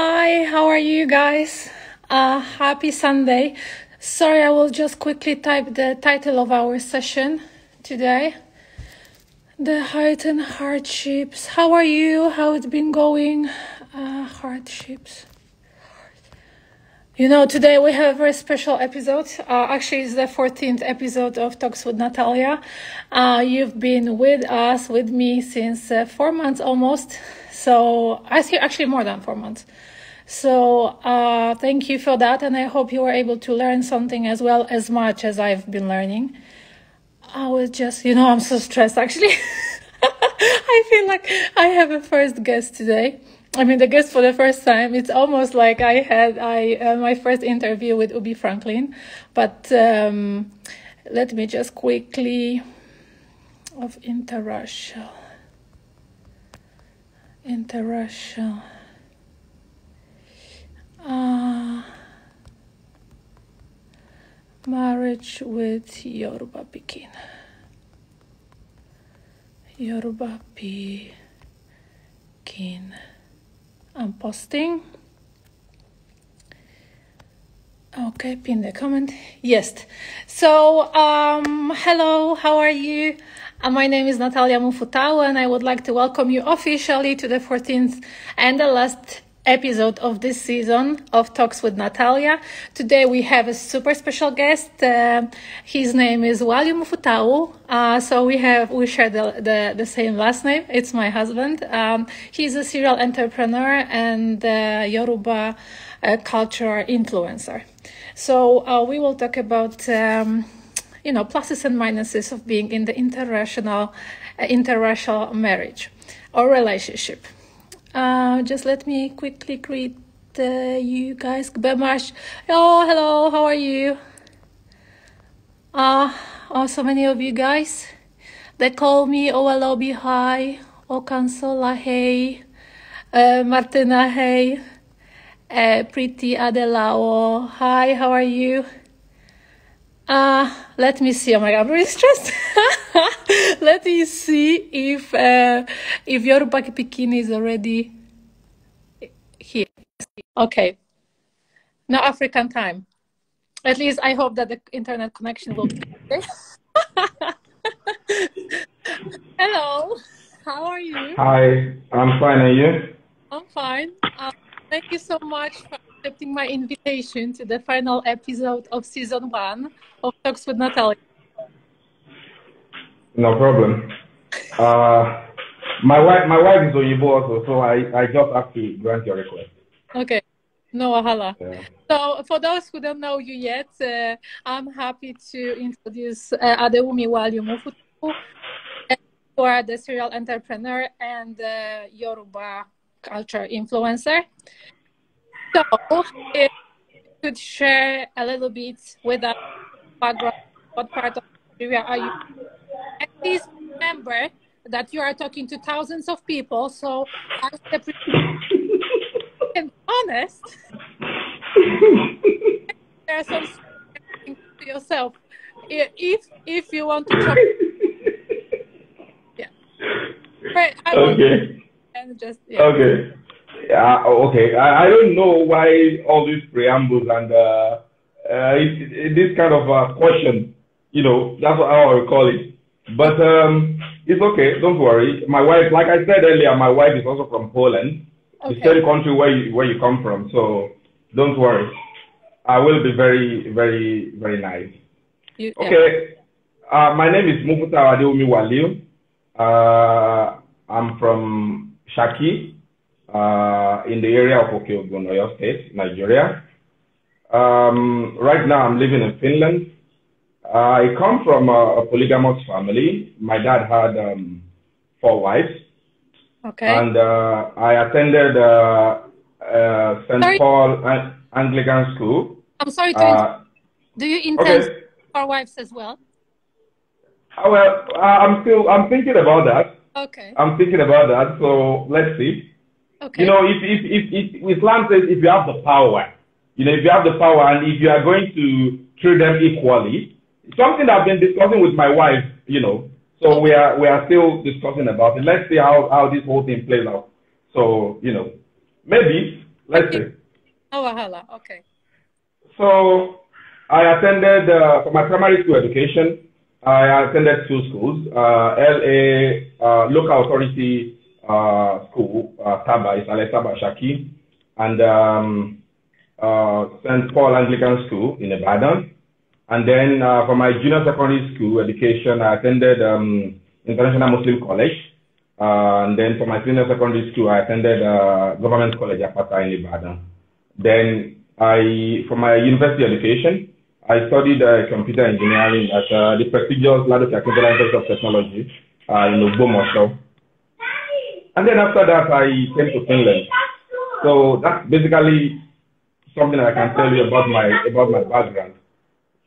Hi, how are you guys? Uh, happy Sunday. Sorry, I will just quickly type the title of our session today. The height and hardships. How are you? How it's been going? Uh, hardships. You know, today we have a very special episode. Uh, actually, it's the 14th episode of Talks with Natalia. Uh, you've been with us, with me, since uh, four months almost. So I see actually more than four months. So uh, thank you for that, and I hope you were able to learn something as well as much as I've been learning. I was just, you know, I'm so stressed actually. I feel like I have a first guest today. I mean, the guest for the first time. It's almost like I had I uh, my first interview with Ubi Franklin, but um, let me just quickly of interracial into Russia. Uh, marriage with Yoruba Pekin. Yoruba Pekin. I'm posting. Okay, pin the comment. Yes. So, um, hello, how are you? Uh, my name is Natalia Mufutau, and I would like to welcome you officially to the 14th and the last episode of this season of Talks with Natalia. Today we have a super special guest. Uh, his name is Wali Mufutau. Uh, so we have we share the, the, the same last name. It's my husband. Um, he's a serial entrepreneur and uh, Yoruba uh, culture influencer. So uh, we will talk about. Um, you know, pluses and minuses of being in the interracial, uh, interracial marriage or relationship. Uh, just let me quickly greet uh, you guys. Bemash. Oh, hello. How are you? Uh, oh, so many of you guys. They call me Owalobi Hi, Okansola Hey, uh, Martina Hey, uh, Pretty Adelao. Hi, how are you? Uh, let me see. Oh my God, I'm really stressed. let me see if uh, if your bikini is already here. Okay. Now African time. At least I hope that the internet connection will be okay. Hello. How are you? Hi. I'm fine. Are you? I'm fine. Uh, thank you so much for accepting my invitation to the final episode of season one of Talks with Natalia. No problem. Uh, my wife, my wife is Oyibo also, so I, I just have to grant your request. Okay. No ahala. Yeah. So, for those who don't know you yet, uh, I'm happy to introduce uh, Adewumi Waliumufutu, who are the serial entrepreneur and uh, Yoruba culture influencer. So, if you could share a little bit with us background, what part of Nigeria are you? And please remember that you are talking to thousands of people, so as the and honest, there are some to yourself. If if you want to talk, yeah. Right, okay. And just yeah. okay. Uh, okay, I, I don't know why all these preambles and uh, uh, it, it, this kind of uh, you know, that's how I would call it. But um, it's okay, don't worry. My wife, like I said earlier, my wife is also from Poland, okay. the same country where you, where you come from. So don't worry. I will be very, very, very nice. You, okay, yeah. uh, my name is Mufuta Adeumi Waliu. Uh, I'm from Shaki, uh, in the area of Okeogun, Oyo State, Nigeria. Um, right now, I'm living in Finland. Uh, I come from a, a polygamous family. My dad had um, four wives. Okay. And uh, I attended uh, uh St. Paul An- Anglican School. I'm sorry to uh, Do you intend okay. four wives as well? Well, I'm still I'm thinking about that. Okay. I'm thinking about that. So let's see. Okay. You know, if, if, if, if Islam says if you have the power, you know, if you have the power and if you are going to treat them equally, something I've been discussing with my wife, you know, so we are, we are still discussing about it. Let's see how, how this whole thing plays out. So, you know, maybe, let's see. Oh, wahala. Okay. So I attended, uh, for my primary school education, I attended two schools, uh, LA uh, Local Authority uh, school, uh, Taba, it's Alex Taba Shaki, and um, uh, St. Paul Anglican School in Ibadan. And then for my junior secondary school education, I attended um, International Muslim College. Uh, and then for my senior secondary school, I attended uh, Government College Apata in Ibadan. Then I, for my university education, I studied uh, computer engineering at the prestigious Ladoke Akintola Institute of Technology in Ogbomoso. And then after that, I came to Finland. So that's basically something I can tell you about my about my background.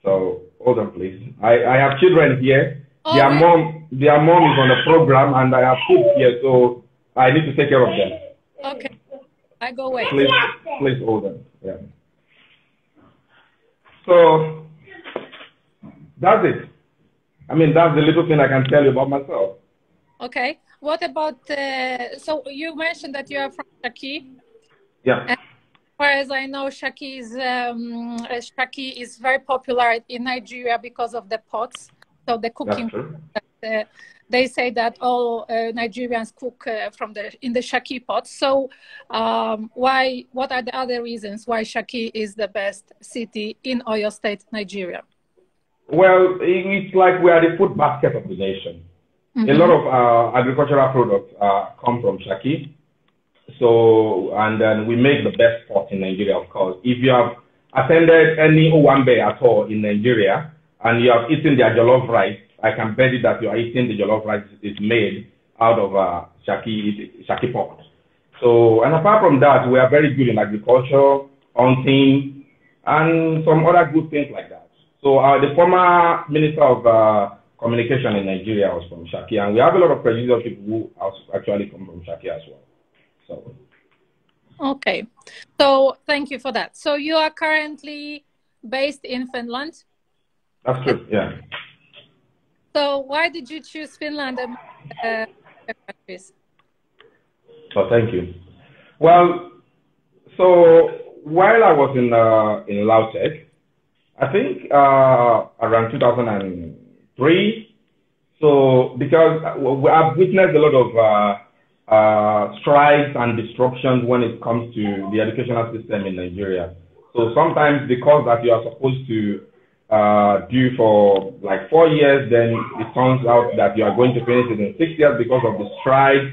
So hold on, please. I, I have children here. Oh, their mom their mom is on the program, and I have kids here, so I need to take care of them. Okay, I go away. Please, please hold on. Yeah. So that's it. I mean, that's the little thing I can tell you about myself. Okay. What about, uh, so you mentioned that you are from Shaki. Yeah. And whereas I know Shaki is, um, uh, Shaki is very popular in Nigeria because of the pots. So the cooking, uh, they say that all uh, Nigerians cook uh, from the, in the Shaki pot. So um, why, what are the other reasons why Shaki is the best city in Oyo State, Nigeria? Well, it's like we are the food basket of the nation. Mm-hmm. A lot of uh, agricultural products uh, come from Shaki. So, and then we make the best pot in Nigeria, of course. If you have attended any Owanbe at all in Nigeria and you have eaten their jollof rice, I can bet you that you are eating the jollof rice is made out of uh, Shaki, Shaki pot. So, and apart from that, we are very good in agriculture, hunting, and some other good things like that. So, uh, the former minister of uh, communication in Nigeria was from Shaki, and we have a lot of prejudicial people who actually come from Shaki as well. So. Okay, so thank you for that. So you are currently based in Finland. That's true. Yeah. So why did you choose Finland uh, countries? Oh, thank you. Well, so while I was in uh, in Lautech, I think uh, around 2000 and Three, so because uh, I've witnessed a lot of uh, uh, strikes and disruptions when it comes to the educational system in Nigeria. So sometimes the course that you are supposed to uh, do for like four years, then it turns out that you are going to finish it in six years because of the strike.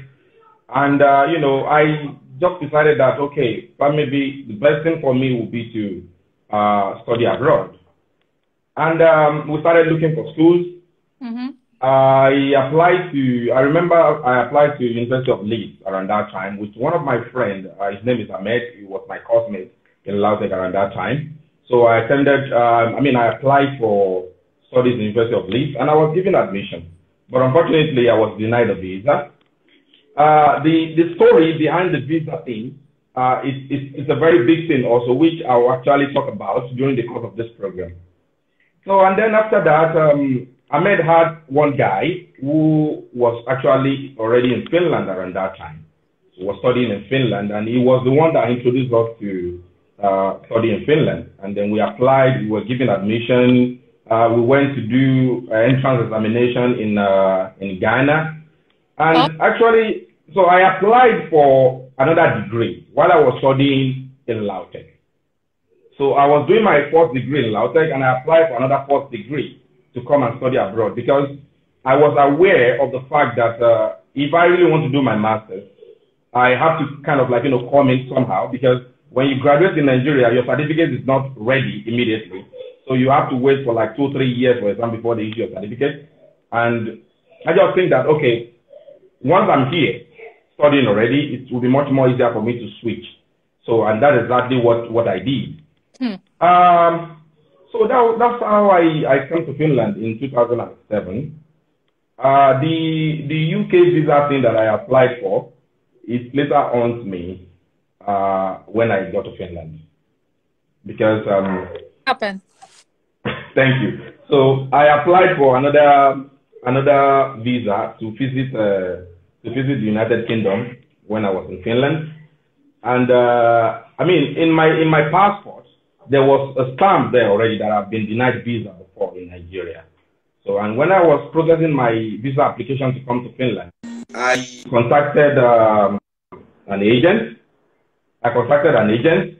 And uh, you know, I just decided that okay, that maybe the best thing for me would be to uh, study abroad. And um, we started looking for schools I applied to, I remember I applied to University of Leeds around that time with one of my friends. Uh, his name is Ahmed. He was my classmate in Lautec around that time. So I attended, um, I mean, I applied for studies in University of Leeds and I was given admission. But unfortunately, I was denied a visa. Uh, the, the story behind the visa thing, uh, is a very big thing also, which I'll actually talk about during the course of this program. So, and then after that, um, Ahmed had one guy who was actually already in Finland around that time, he was studying in Finland, and he was the one that introduced us to uh, study in Finland. And then we applied, we were given admission. Uh, we went to do uh, entrance examination in uh, in Ghana, and actually, so I applied for another degree while I was studying in Lautech. So I was doing my fourth degree in Lautech, and I applied for another fourth degree to come and study abroad because I was aware of the fact that uh, if I really want to do my master's, I have to kind of like, you know, come in somehow because when you graduate in Nigeria, your certificate is not ready immediately. So you have to wait for like two, three years, for example, before they issue your certificate. And I just think that, okay, once I'm here studying already, it will be much more easier for me to switch. So, and that's exactly what, what I did. Hmm. Um, so that, that's how I, I came to Finland in 2007. Uh, the, the UK visa thing that I applied for, it later haunts me uh, when I got to Finland. Because. Um, Happen. thank you. So I applied for another another visa to visit uh, to visit the United Kingdom when I was in Finland, and uh, I mean in my in my passport there was a stamp there already that I've been denied visa before in Nigeria. So, and when I was processing my visa application to come to Finland, I contacted um, an agent. I contacted an agent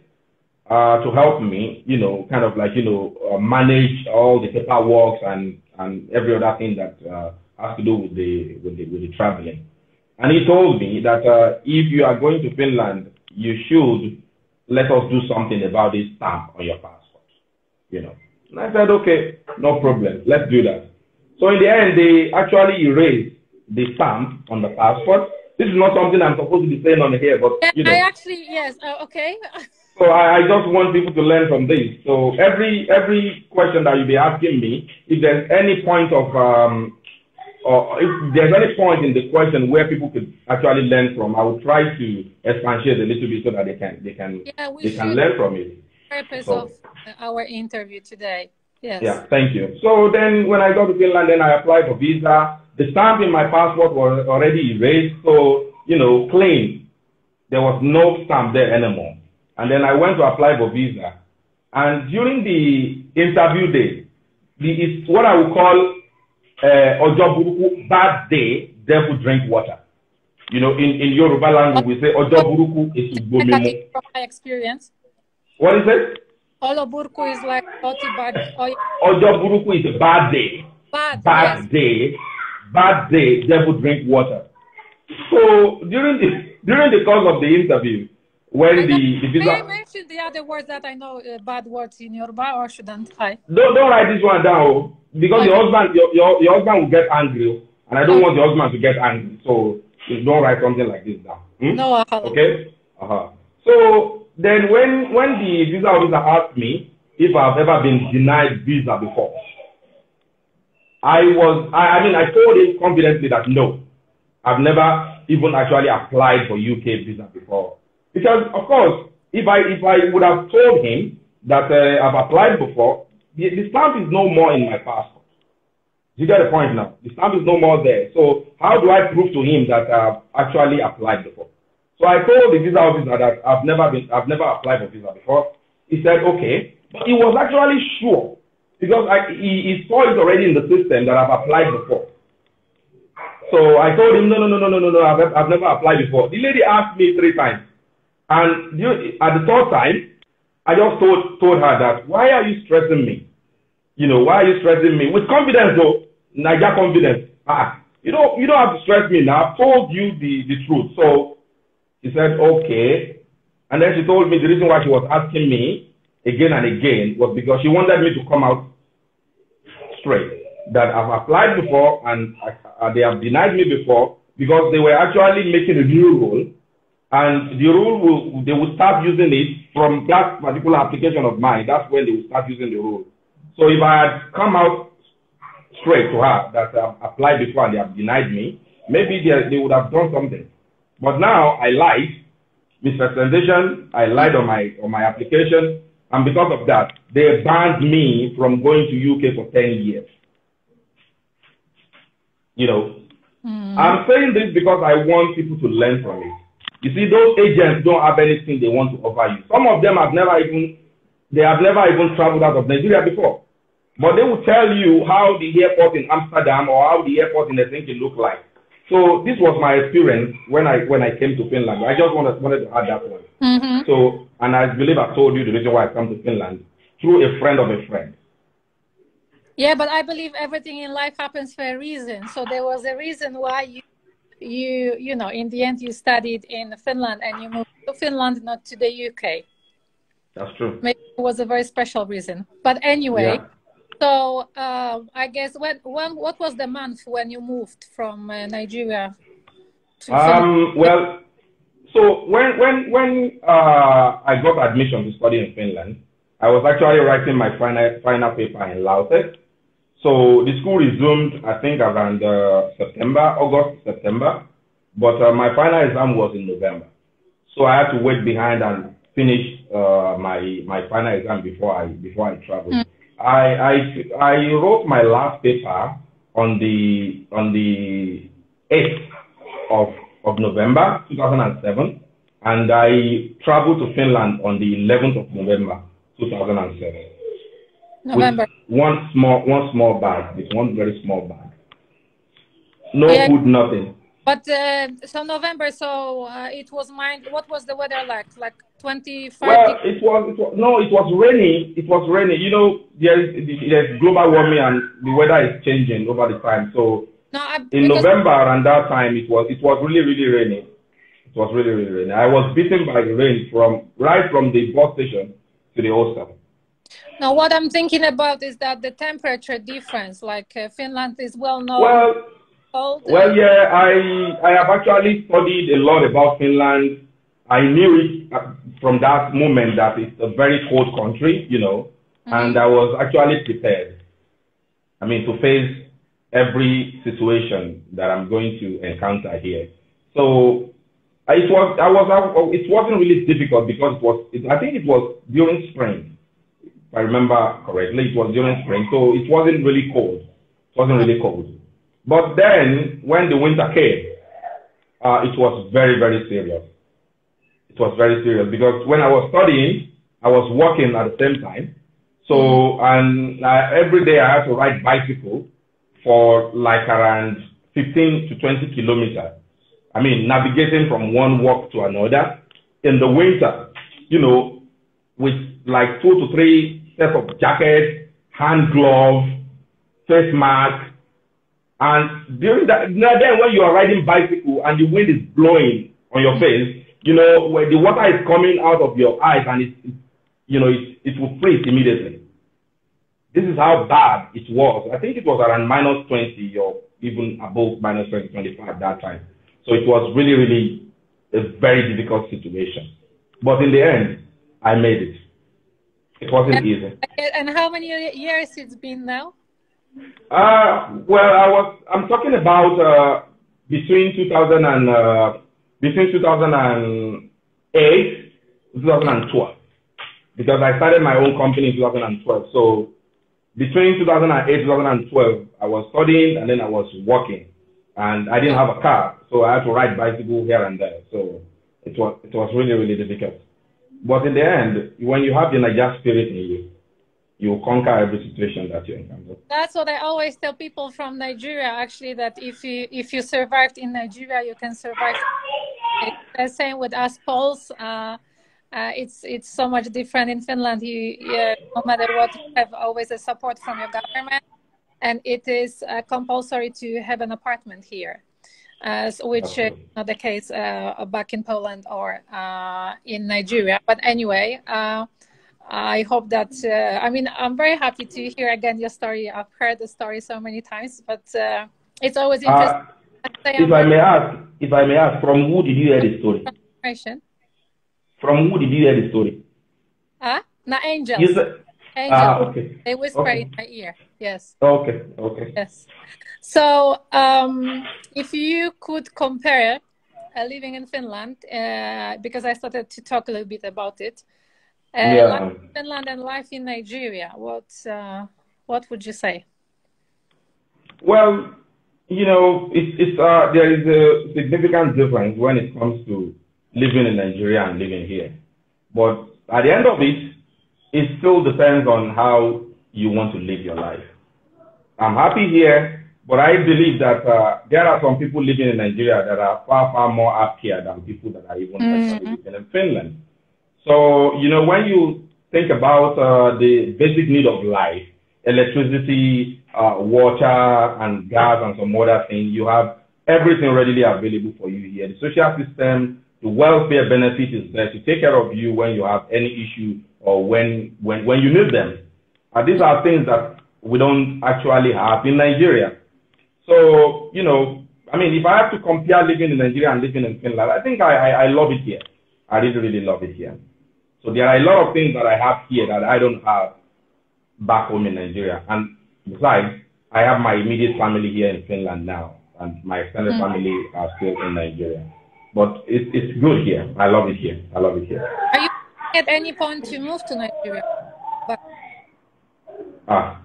uh, to help me, you know, kind of like, you know, uh, manage all the paperwork and, and every other thing that uh, has to do with the, with the, with the traveling. And he told me that uh, if you are going to Finland, you should let us do something about this stamp on your passport. You know. And I said, okay, no problem. Let's do that. So in the end, they actually erased the stamp on the passport. This is not something I'm supposed to be saying on here, but you know. I actually, yes, uh, okay. so I, I, just want people to learn from this. So every every question that you be asking me, if there's any point of um, or if there's any point in the question where people could actually learn from, I will try to it a little bit so that they can they can yeah, they can learn from it. Purpose so. of our interview today. Yes. Yeah. Thank you. So then, when I got to Finland, then I applied for visa. The stamp in my passport was already erased, so you know, clean. There was no stamp there anymore. And then I went to apply for visa. And during the interview day, the, what I would call Eh, ọjọ́ burúkú bad day devil drink water. You know, in, in Yoruba language, we say ọjọ́ burúkú is ugbomimu. From my experience. What is it? Ọjọ́ burúkú is like dirty bad. Ọjọ́ burúkú is a bad day. Bad, bad yes. day. Bad day, devil drink water. So during the during the course of the interview, when the, the visa actually the other words that I know, uh, bad words in your Yoruba or shouldn't I? Don't, don't write this one down oh. because okay. your husband your, your, your husband will get angry oh. and I don't okay. want your husband to get angry. So don't write something like this down. Hmm? No. Uh -huh. Okay. Uh-huh. So then when when the visa officer asked me if I've ever been denied visa before, I was I, I mean I told him confidently that no, I've never even actually applied for UK visa before. Because of course if I if I would have told him that uh, I've applied before, the, the stamp is no more in my passport. You get the point now. The stamp is no more there. So how do I prove to him that I've actually applied before? So I told the visa officer that I've never been, I've never applied for visa before. He said, okay, but he was actually sure because I, he, he saw it already in the system that I've applied before. So I told him, no, no, no, no, no, no, no, I've, I've never applied before. The lady asked me three times, and you, at the third time, I just told, told her that, why are you stressing me? You know, why are you stressing me? With confidence, though, Niger confidence. Ah, you don't, you don't have to stress me now. I've told you the, the truth. So she said, okay. And then she told me the reason why she was asking me again and again was because she wanted me to come out straight. That I've applied before and I, uh, they have denied me before because they were actually making a new rule and the rule will they will start using it from that particular application of mine. That's when they will start using the rule. So if I had come out straight to her that I've um, applied before and they have denied me, maybe they, they would have done something. But now I lied, misrepresentation, I lied on my on my application, and because of that, they banned me from going to UK for ten years. You know, mm. I'm saying this because I want people to learn from it. You see, those agents don't have anything they want to offer you. Some of them have never even they have never even traveled out of Nigeria before. But they will tell you how the airport in Amsterdam or how the airport in Helsinki look like. So this was my experience when I when I came to Finland. I just wanted, wanted to add that one. Mm-hmm. So and I believe I told you the reason why I come to Finland through a friend of a friend. Yeah, but I believe everything in life happens for a reason. So there was a reason why you you you know in the end you studied in Finland and you moved to Finland, not to the UK. That's true. Maybe it was a very special reason. But anyway, yeah. so uh, I guess when when what was the month when you moved from uh, Nigeria? To um, Finland? well, so when when when uh, I got admission to study in Finland, I was actually writing my final final paper in Lautec. So the school resumed, I think, around uh, September, August, September. But uh, my final exam was in November. So I had to wait behind and finish uh, my my final exam before I before I traveled. Mm. I, I I wrote my last paper on the on the 8th of of November 2007, and I traveled to Finland on the 11th of November 2007. November. one small, one small bag. It's one very small bag. No yeah. food, nothing. But uh, so November, so uh, it was mine. What was the weather like? Like 25? Well, it was, it was, no, it was rainy. It was rainy. You know, there is there's global warming and the weather is changing over the time. So no, I, in November around that time, it was it was really really rainy. It was really really rainy. I was beaten by the rain from right from the bus station to the hostel. Now, what I'm thinking about is that the temperature difference, like uh, Finland is well known. Well, cold. well, yeah, I I have actually studied a lot about Finland. I knew it uh, from that moment that it's a very cold country, you know, mm-hmm. and I was actually prepared. I mean, to face every situation that I'm going to encounter here. So it was I was it wasn't really difficult because it was it, I think it was during spring if I remember correctly, it was during spring, so it wasn't really cold. It wasn't really cold. But then, when the winter came, uh, it was very, very serious. It was very serious because when I was studying, I was working at the same time. So, and uh, every day I had to ride bicycle for like around 15 to 20 kilometers. I mean, navigating from one work to another in the winter, you know, with like two to three sets of jackets, hand gloves, face mask. And during that, now then when you are riding bicycle and the wind is blowing on your face, you know, where the water is coming out of your eyes and it, it you know, it, it will freeze immediately. This is how bad it was. I think it was around minus 20 or even above minus 20, 25 at that time. So it was really, really a very difficult situation. But in the end, I made it. It wasn't and, easy. And how many years it's been now? Uh, well, I was. I'm talking about uh, between 2000 and uh, between 2008 2012 because I started my own company in 2012. So between 2008 2012, I was studying and then I was working, and I didn't have a car, so I had to ride bicycle here and there. So it was it was really really difficult. But in the end, when you have the Niger spirit in you, you conquer every situation that you encounter. That's what I always tell people from Nigeria. Actually, that if you if you survived in Nigeria, you can survive. The same with us Poles. Uh, uh, it's it's so much different in Finland. You, you, no matter what, you have always a support from your government, and it is uh, compulsory to have an apartment here as which is not the case uh, back in Poland or uh, in Nigeria. But anyway, uh, I hope that, I mean, I'm very happy to hear again your story. I've heard the story so many times, but it's always interesting. if I may ask, if I may ask, from who did you hear the story? From who did you hear the story? Huh? Not angels. You said, ah, okay. It was okay. great that year. Yes. Okay. Okay. Yes. So, um, if you could compare uh, living in Finland, uh, because I started to talk a little bit about it, uh, yeah. Finland and life in Nigeria, what uh, what would you say? Well, you know, it's, it's uh, there is a significant difference when it comes to living in Nigeria and living here, but at the end of it, it still depends on how you want to live your life. I'm happy here, but I believe that uh, there are some people living in Nigeria that are far, far more up here than people that are even mm-hmm. in Finland. So, you know, when you think about uh, the basic need of life, electricity, uh, water, and gas, and some other things, you have everything readily available for you here. The social system, the welfare benefit is there to take care of you when you have any issue or when when when you need them. And these are things that we don't actually have in Nigeria. So you know, I mean, if I have to compare living in Nigeria and living in Finland, I think I, I, I love it here. I really really love it here. So there are a lot of things that I have here that I don't have back home in Nigeria. And besides, I have my immediate family here in Finland now, and my extended mm. family are still in Nigeria. But it, it's good here. I love it here. I love it here. Are you at any point to move to Nigeria? But... Ah,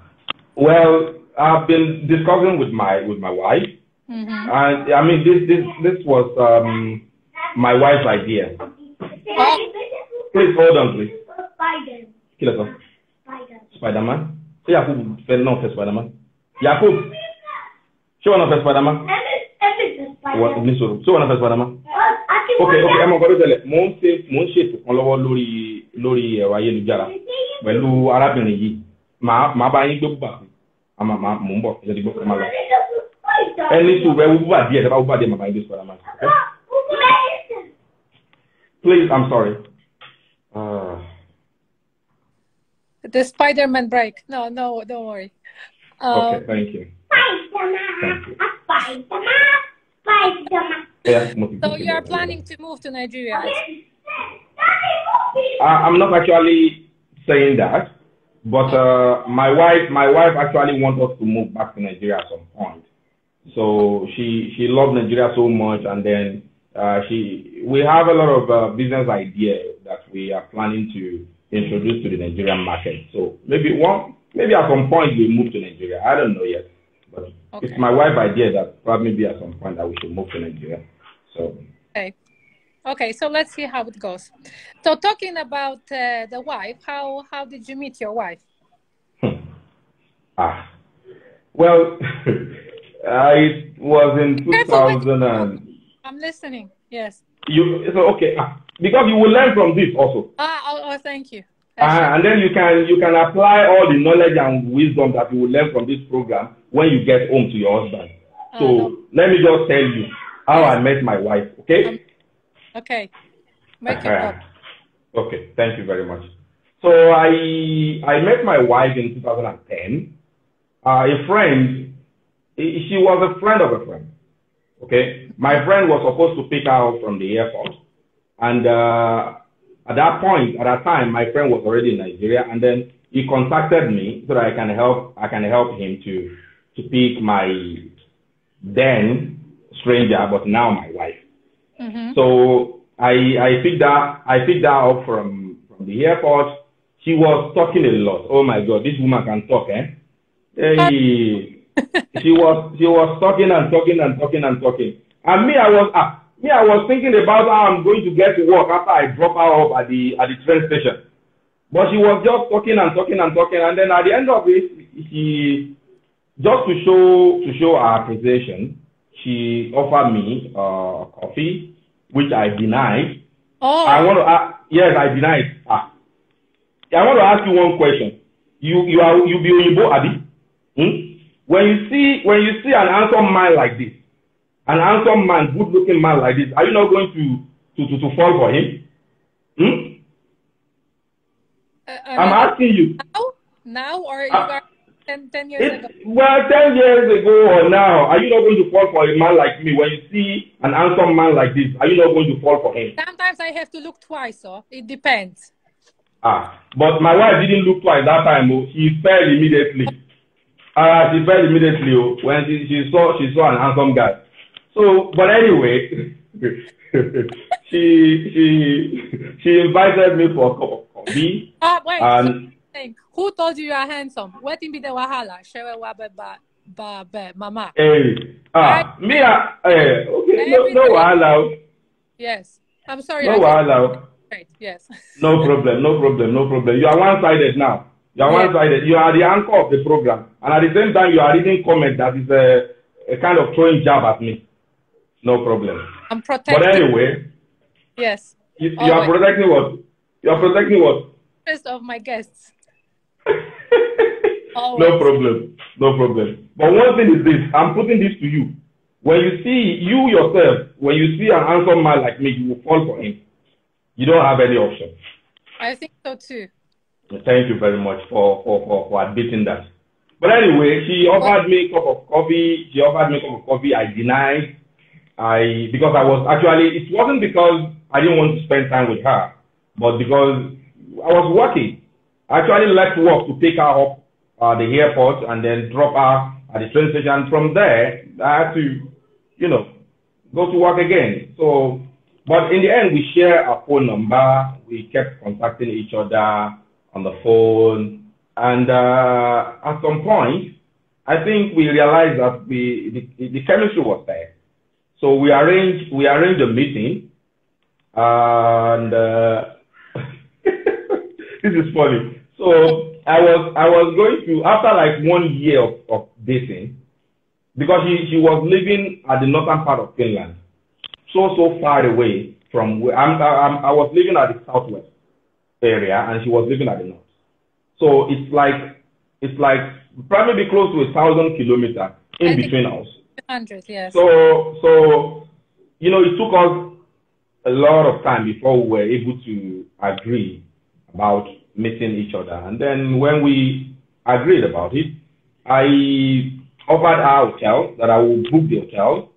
well, I've been discussing with my with my wife, mm -hmm. and I mean this this this was um, my wife's idea. Oh. Please hold on, please. Spider. Spider. Spider Man. Say Yakub, no, Spider Man. Yakub. Show one of Spider Man. What? Miss one of Spider Man. ok ok ẹ mọ nǹkan tẹlẹ mò ń ṣe mò ń ṣètò kan lọ́wọ́ lórí lórí ẹ̀rọ ayélujára pẹ̀lú arábìnrin yìí màá màá bá yín gbé bùbà fún àmà màá mò ń bọ̀ ẹ ti gbọ́ ẹ má lọ ẹ ní sùn ẹ wo bùbà díẹ̀ ẹ bá bùbà díẹ̀ màá yín gbé sùn ẹ má lọ please i'm sorry. Uh... The Spiderman break. No, no, don't worry. Um, okay, thank you. Spider-Man, Spider-Man, Yeah. So you are planning to move to Nigeria? Uh, I'm not actually saying that, but uh, my wife, my wife actually wants us to move back to Nigeria at some point. So she she loves Nigeria so much, and then uh, she we have a lot of uh, business idea that we are planning to introduce to the Nigerian market. So maybe one, maybe at some point we move to Nigeria. I don't know yet, but okay. it's my wife's idea that probably at some point that we should move to Nigeria. So. Okay. Okay, so let's see how it goes. So, talking about uh, the wife, how how did you meet your wife? Hmm. Ah, well, I was in two thousand and. I'm listening. Yes. You so okay ah, because you will learn from this also. Ah, oh, oh thank you. Ah, and then you can you can apply all the knowledge and wisdom that you will learn from this program when you get home to your husband. Ah, so uh, no. let me just tell you, how I met my wife. Okay. Okay. Make it up. Okay. Thank you very much. So I I met my wife in 2010. Uh, a friend, she was a friend of a friend. Okay. My friend was supposed to pick her up from the airport, and uh, at that point, at that time, my friend was already in Nigeria, and then he contacted me so that I can help I can help him to to pick my then stranger, but now my wife. Mm-hmm. So I I picked that I picked that up from from the airport. She was talking a lot. Oh my God, this woman can talk, eh? Hey. she was she was talking and talking and talking and talking. And me, I was ah, me, I was thinking about how I'm going to get to work after I drop her off at the at the train station. But she was just talking and talking and talking, and then at the end of it, she just to show to show her appreciation, she offered me uh, coffee, which I denied. Oh. I want to ask, yes, I denied. Ah. I want to ask you one question. You you are you be Oyibo Abi? Hmm? When you see when you see an handsome man like this, an handsome man, good looking man like this, are you not going to to to, to fall for him? Hmm? Uh, uh I'm, asking you. Now, now or uh, years it, ago? Well, 10 years ago or now, are you not going to fall for a man like me? When you see an handsome man like this, are you not going to fall for him? Sometimes I have to look twice, so oh. it depends. Ah, but my wife didn't look twice that time. Oh. She fell immediately. Uh, she fell immediately oh, when she, she saw she saw an handsome guy. So, but anyway, she she she invited me for a cup of coffee. Ah, wait, and thing. Who told you you are handsome? What in be the wahala? Shewe wabe ba ba ba mama. Hey, ah, me ah, hey, eh, okay, no, no wahala. Yes, I'm sorry. No wahala. Right. Yes. no problem. No problem. No problem. You are one-sided now. You are one-sided. You are the anchor of the program, and at the same time, you are reading comment that is a, a kind of throwing jab at me. No problem. I'm protecting. But anyway. Yes. You, you are protecting what? You are protecting what? First of my guests. No problem. No problem. But one thing is this I'm putting this to you. When you see you yourself, when you see an handsome man like me, you will fall for him. You don't have any option. I think so too. Thank you very much for, for, for, for admitting that. But anyway, she offered me a cup of coffee. She offered me a cup of coffee. I denied. I because I was actually it wasn't because I didn't want to spend time with her, but because I was working actually left work to pick her up at the airport and then drop her at the train station. From there, I had to, you know, go to work again. So, but in the end, we share a phone number. We kept contacting each other on the phone. And uh, at some point, I think we realized that we, the, the chemistry was there. So we arranged, we arranged a meeting and uh, this is funny. So I was I was going through after like one year of, of dating, because she, she was living at the northern part of Finland, so so far away from where I'm, I'm, i was living at the southwest area, and she was living at the north. So it's like it's like probably close to a thousand kilometer in between us. Hundred, yes. So so you know it took us a lot of time before we were able to agree about missing each other. And then when we agreed about it, I offered her hotel that I will book the hotel,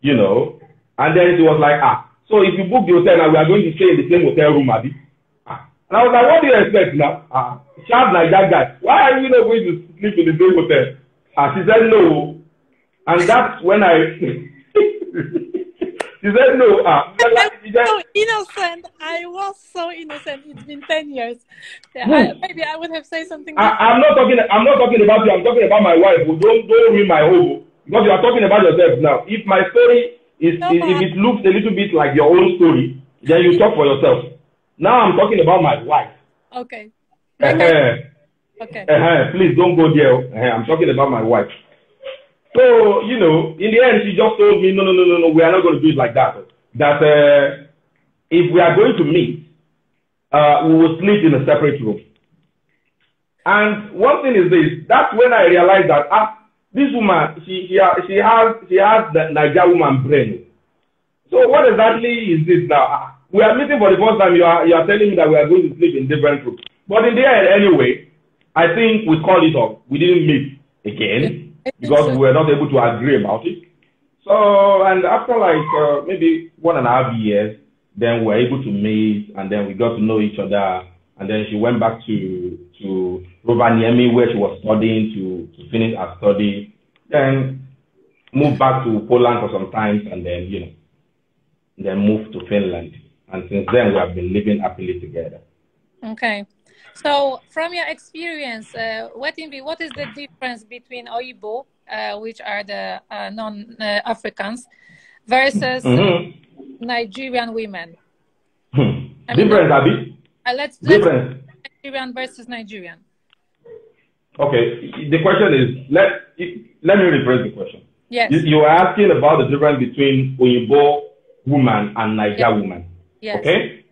you know, and then she was like, ah, so if you book the hotel now, we are going to stay in the same hotel room, Abby, ah. And I was like, what do you expect now? Ah, sharp like that guy. Why are you not going to sleep in the same hotel? And ah, she said, no. And that's when I She said no. Ah, she said, so innocent. I was so innocent. It's been ten years. Yeah, I, maybe I would have said something. I, am not talking. I'm not talking about you. I'm talking about my wife. Who don't don't ruin my whole because you are talking about yourself now. If my story is, no, is if it looks a little bit like your own story, then you talk for yourself. Now I'm talking about my wife. Okay. Okay. Please don't go there. I'm talking about my wife. So, you know, in the end, she just told me, no, no, no, no, no, we are not going to do it like that. That uh, if we are going to meet, uh, we will sleep in a separate room. And one thing is this, that's when I realized that, ah, this woman, she, she, she has, she has the Niger woman brain. So what exactly is this now? Ah, we are meeting for the first time, you are, you are telling me that we are going to sleep in different rooms. But in the end, anyway, I think we called it off. We didn't meet again. because we were not able to agree about it. So, and after like uh, maybe one and a half years, then we were able to meet and then we got to know each other. And then she went back to, to Rovaniemi where she was studying to, to finish her study. Then moved back to Poland for some time and then, you know, then moved to Finland. And since then we have been living happily together. Okay. So, from your experience, uh, what in what is the difference between Oibo, uh, which are the uh, non-Africans, uh, versus mm-hmm. Nigerian women? Hmm. Different, mean, difference, Abby. Uh, let's, Let's Nigerian versus Nigerian. Okay, the question is let let me rephrase the question. Yes. You, are asking about the difference between Oyibo woman and Niger yes. woman. Yes. Okay.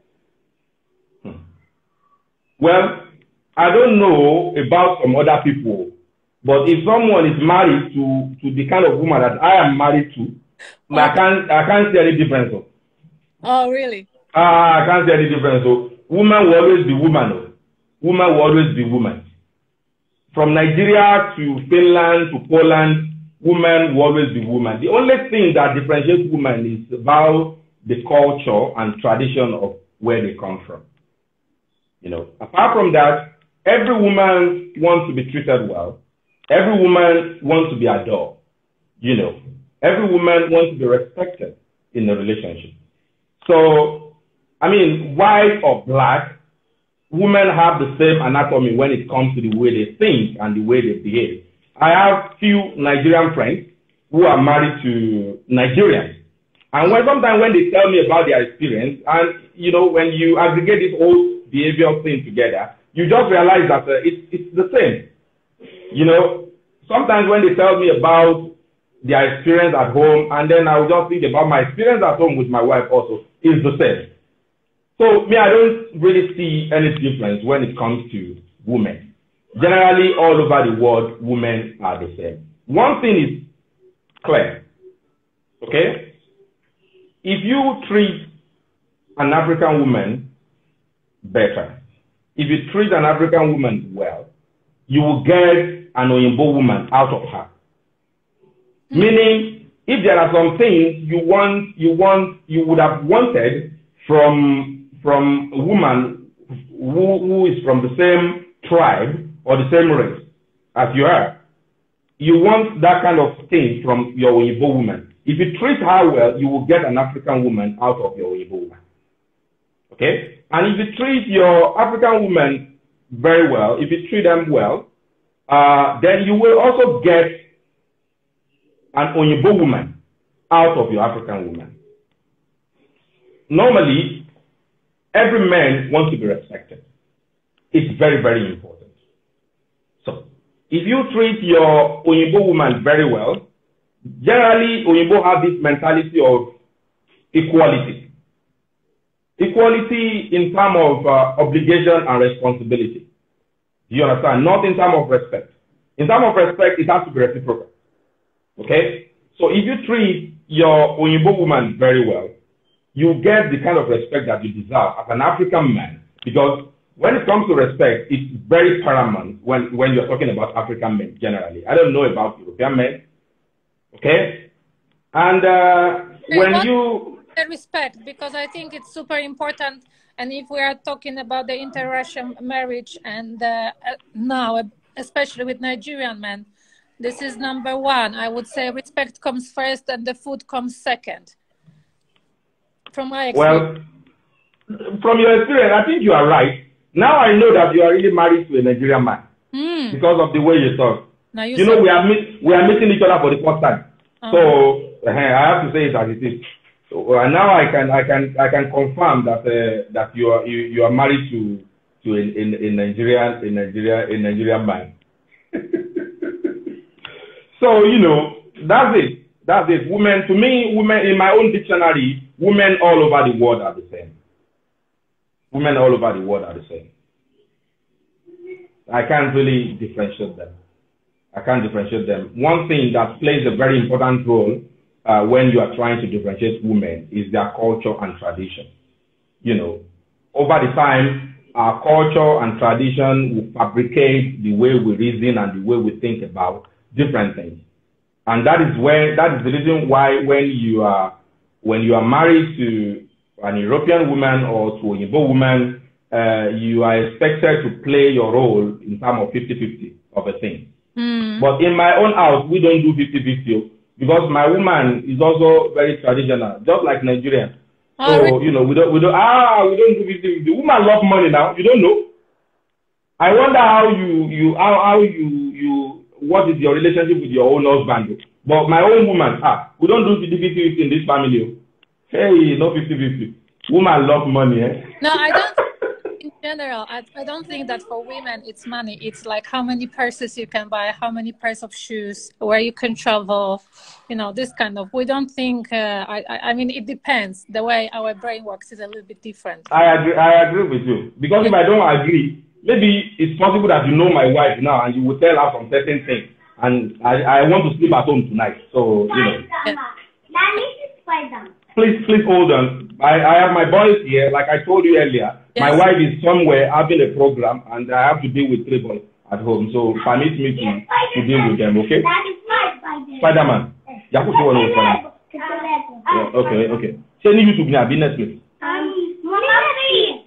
Well, I don't know about some other people, but if someone is married to to the kind of woman that I am married to, oh. I can't I can't see any difference. Oh, really? Ah, uh, I can't see any difference. So, woman will always be woman. Woman will always be woman. From Nigeria to Finland to Poland, woman will always be woman. The only thing that differentiates woman is about the culture and tradition of where they come from. You know, apart from that, every woman wants to be treated well. Every woman wants to be adored. You know, every woman wants to be respected in a relationship. So, I mean, white or black, women have the same anatomy when it comes to the way they think and the way they behave. I have few Nigerian friends who are married to Nigerians. And when sometimes when they tell me about their experience, and you know, when you aggregate this whole behavioral thing together, you just realize that uh, it, it's the same. You know, sometimes when they tell me about their experience at home, and then I will just think about my experience at home with my wife also, is the same. So, me, I don't really see any difference when it comes to women. Generally, all over the world, women are the same. One thing is clear, okay? If you treat an African woman better. If you treat an African woman well, you will get an Oyinbo woman out of her. Mm-hmm. Meaning, if there are some things you want, you want, you would have wanted from from a woman who, who is from the same tribe or the same race as you are, you want that kind of thing from your Oyinbo woman. If you treat her well, you will get an African woman out of your Oyinbo woman. Okay? And if you treat your African women very well, if you treat them well, uh, then you will also get an Oyibo woman out of your African woman. Normally, every man wants to be respected. It's very, very important. So, if you treat your Oyibo woman very well, generally Oyibo have this mentality of equality. Equality in terms of uh, obligation and responsibility. Do you understand? Not in terms of respect. In terms of respect, it has to be reciprocal. Okay? So if you treat your Oyibo woman very well, you get the kind of respect that you deserve as an African man. Because when it comes to respect, it's very paramount when, when you're talking about African men generally. I don't know about European men. Okay? And uh, when you the respect because I think it's super important. And if we are talking about the inter marriage and uh, uh, now, especially with Nigerian men, this is number one. I would say respect comes first and the food comes second. From my experience. Well, from your experience, I think you are right. Now I know that you are really married to a Nigerian man mm. because of the way you talk. Now you, you know, we are, meet, we are meeting each other for the first time. Uh-huh. So uh, I have to say it as it is well, now I can I can I can confirm that uh, that you are you, you are married to to a in, in Nigerian in Nigeria in Nigerian man. so you know that's it that's it. Women to me women in my own dictionary women all over the world are the same. Women all over the world are the same. I can't really differentiate them. I can't differentiate them. One thing that plays a very important role uh, when you are trying to differentiate women is their culture and tradition. You know, over the time, our culture and tradition will fabricate the way we reason and the way we think about different things. And that is where that is the reason why when you are when you are married to an European woman or to a Igbo woman, uh, you are expected to play your role in terms of 50-50 of a thing. Mm. But in my own house, we don't do 50-50. because my woman is also very traditional, just like Nigerian. Oh, so really? you know, we don't, we don't, ah, we don't do this. The woman love money now. You don't know. I wonder how you, you, how, how you, you, what is your relationship with your own husband? But my own woman, ah, we don't do 50-50 in this family. Hey, no 50-50. Woman love money, eh? No, I don't. general, I, I don't think that for women it's money. It's like how many purses you can buy, how many pairs of shoes, where you can travel, you know, this kind of. We don't think. Uh, I, I mean, it depends. The way our brain works is a little bit different. I agree. I agree with you because if I don't agree, maybe it's possible that you know my wife now and you will tell her some certain things, and I I want to sleep at home tonight. So you know. Yeah. please, please hold on. I, I have my boys here. Like I told you earlier, yes. my wife is somewhere having a program, and I have to deal with three boys at home. So permit me to, to deal with them, okay? Spider Man. Yakutu wọn Okay, okay. Ṣé you to be àbí Netflix? Um,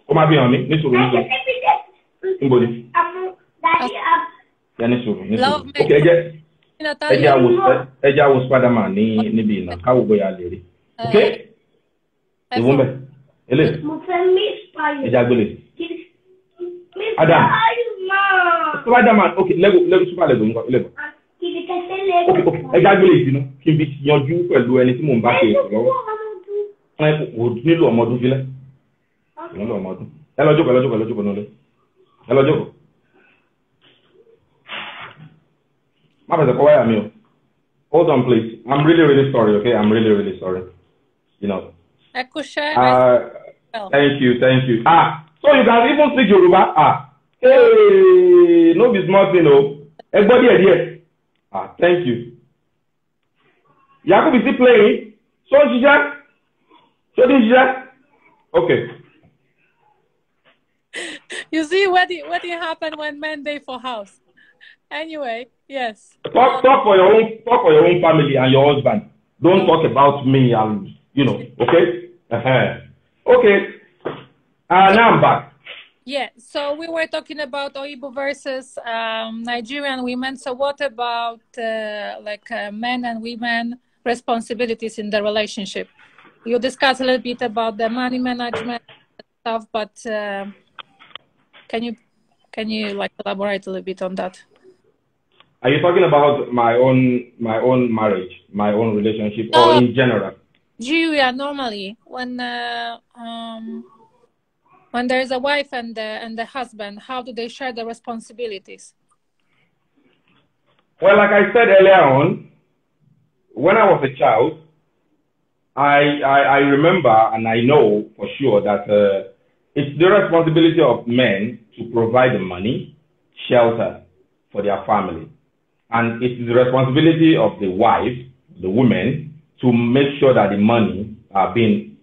Ó máa bí hàn mí nítorí nítorí. Níbo ni? Ẹ ní sùúrù ní sùúrù. Um, um. Ok ẹ jẹ́ ẹ jẹ́ àwọ̀ Spider Man bóyá lè rí. Eh, ok ìwọ mbẹ ele ìjàgbélé adam man. ok lego lego super lego nǹkan lego ah, ok ok ìjàgbélé ìdùnnú kí n fi yanjú pẹ̀lú ẹni tí mò ń bá ṣe ètò lọ́wọ́ ẹ kò nílò ọmọdún fílẹ̀ nílò ọmọdún ẹ lọ jókòó ẹ lọ jókòó ẹ lọ jókòó nílé ẹ lọ jókòó má fẹsẹ̀ kọ́ wáyà mi o hold on please i'm really really sorry okay i'm really really sorry. you know. Uh, Thank you, thank you. Ah, so you can even speak Yoruba. Ah, hey, no be small thing, no. Everybody here. Ah, thank you. Yakub is still playing. So Jija. So Jija. Okay. You see what it, what it happened when men day for house. Anyway, yes. Talk talk for your own talk for your own family and your husband. Don't talk about me and you know, okay? Uh-huh. Okay. Uh, back. Yeah, so we were talking about Oibo versus um, Nigerian women. So what about uh, like uh, men and women responsibilities in the relationship? You discussed a little bit about the money management stuff, but uh, can you can you like elaborate a little bit on that? Are you talking about my own my own marriage, my own relationship, no. or in general? Julia, normally when uh, um, when there is a wife and the, and the husband, how do they share the responsibilities? Well, like I said earlier on, when I was a child, I, I, I remember and I know for sure that uh, it's the responsibility of men to provide the money, shelter for their family. And it's the responsibility of the wife, the woman, to make sure that the money are being,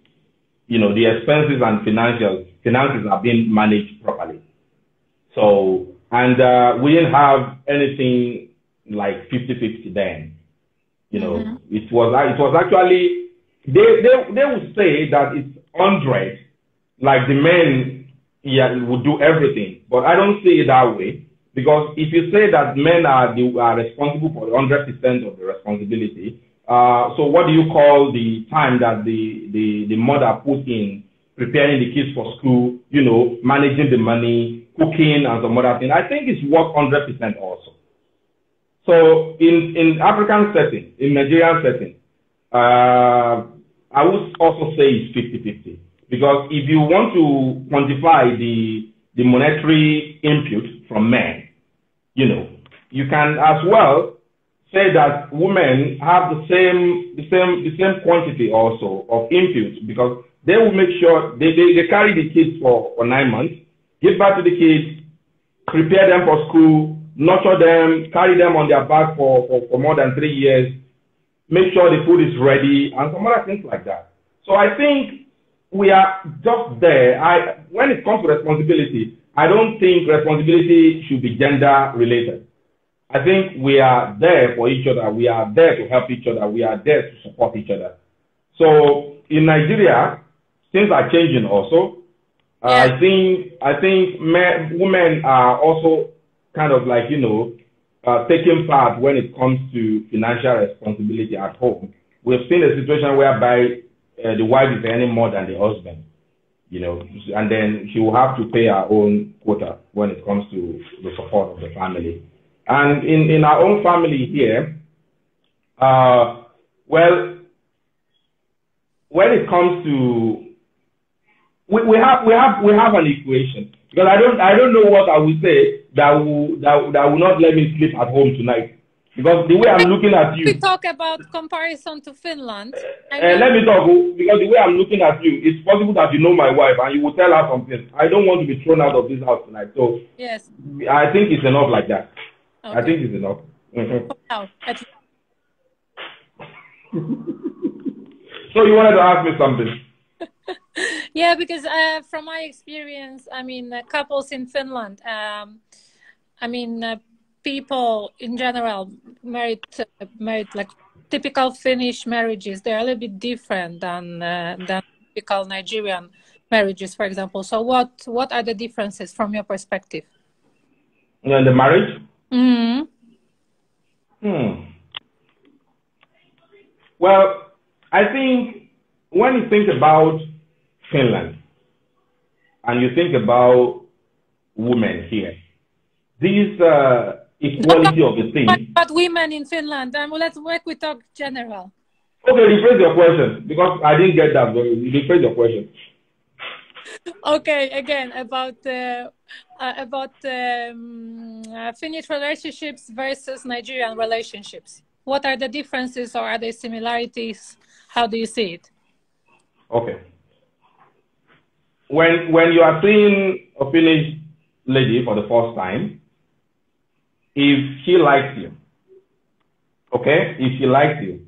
you know, the expenses and financial finances are being managed properly. So, and uh, we didn't have anything like 50-50 then. You know, mm-hmm. it was it was actually they they they would say that it's hundred, like the men yeah would do everything, but I don't see it that way because if you say that men are the, are responsible for hundred percent of the responsibility, uh, so what do you call the time that the, the, the mother put in preparing the kids for school, you know, managing the money, cooking and some other thing? I think it's worth 100% also. So in, in African setting, in Nigerian setting, uh, I would also say it's 50-50. Because if you want to quantify the, the monetary input from men, you know, you can as well say that women have the same the same the same quantity also of impute because they will make sure they, they, they carry the kids for, for nine months, give back to the kids, prepare them for school, nurture them, carry them on their back for, for, for more than three years, make sure the food is ready, and some other things like that. So I think we are just there. I, when it comes to responsibility, I don't think responsibility should be gender related. I think we are there for each other. We are there to help each other. We are there to support each other. So in Nigeria, things are changing also. Uh, yeah. I think I think men, women are also kind of like you know uh, taking part when it comes to financial responsibility at home. We've seen a situation whereby uh, the wife is earning more than the husband, you know, and then she will have to pay her own quota when it comes to the support of the family. And in, in our own family here, uh, well, when it comes to we, we have we have we have an equation because I don't I don't know what I will say that will that, that will not let me sleep at home tonight because the way I'm looking at you. We talk about comparison to Finland. uh, let me talk because the way I'm looking at you, it's possible that you know my wife and you will tell her something. I don't want to be thrown out of this house tonight, so yes, I think it's enough like that. Okay. I think it's enough. mm so you wanted to ask me something? yeah, because uh, from my experience, I mean, uh, couples in Finland, um, I mean, uh, people in general married uh, married like typical Finnish marriages. They're a little bit different than uh, than typical Nigerian marriages, for example. So, what what are the differences from your perspective? Uh, the marriage. Mm. Hmm. Well, I think when you think about Finland and you think about women here, this uh, equality of the thing. About women in Finland, um, let's work with talk general. Okay, rephrase your question because I didn't get that. Rephrase your question okay, again about uh, about um, uh, Finnish relationships versus Nigerian relationships. What are the differences, or are there similarities? How do you see it? Okay. When when you are seeing a Finnish lady for the first time, if she likes you, okay, if she likes you,